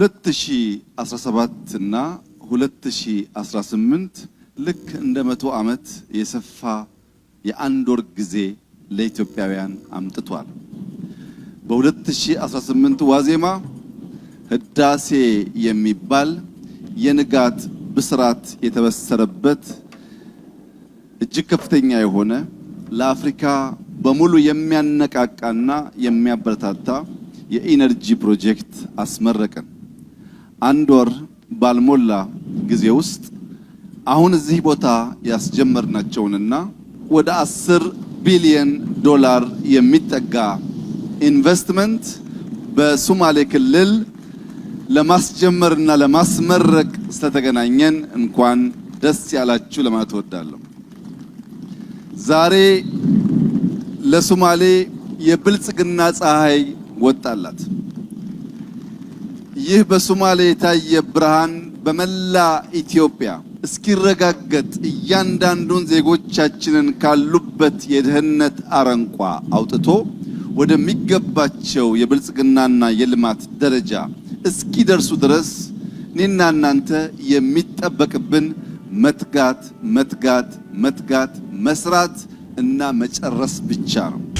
2017 እና 2018 ልክ እንደ መቶ ዓመት የሰፋ የአንድ ወር ጊዜ ለኢትዮጵያውያን አምጥቷል። በ2018 ዋዜማ ህዳሴ የሚባል የንጋት ብስራት የተበሰረበት እጅግ ከፍተኛ የሆነ ለአፍሪካ በሙሉ የሚያነቃቃና የሚያበረታታ የኢነርጂ ፕሮጀክት አስመረቅን አንድ ወር ባልሞላ ጊዜ ውስጥ አሁን እዚህ ቦታ ያስጀመርናቸውንና ወደ አስር ቢሊየን ዶላር የሚጠጋ ኢንቨስትመንት በሶማሌ ክልል ለማስጀመርና ለማስመረቅ ስለተገናኘን እንኳን ደስ ያላችሁ ለማለት እወዳለሁ። ዛሬ ለሶማሌ የብልጽግና ፀሐይ ወጣላት። ይህ በሶማሌ የታየ ብርሃን በመላ ኢትዮጵያ እስኪረጋገጥ እያንዳንዱን ዜጎቻችንን ካሉበት የድህነት አረንቋ አውጥቶ ወደሚገባቸው የብልጽግናና የልማት ደረጃ እስኪደርሱ ድረስ እኔና እናንተ የሚጠበቅብን መትጋት መትጋት መትጋት መስራት እና መጨረስ ብቻ ነው።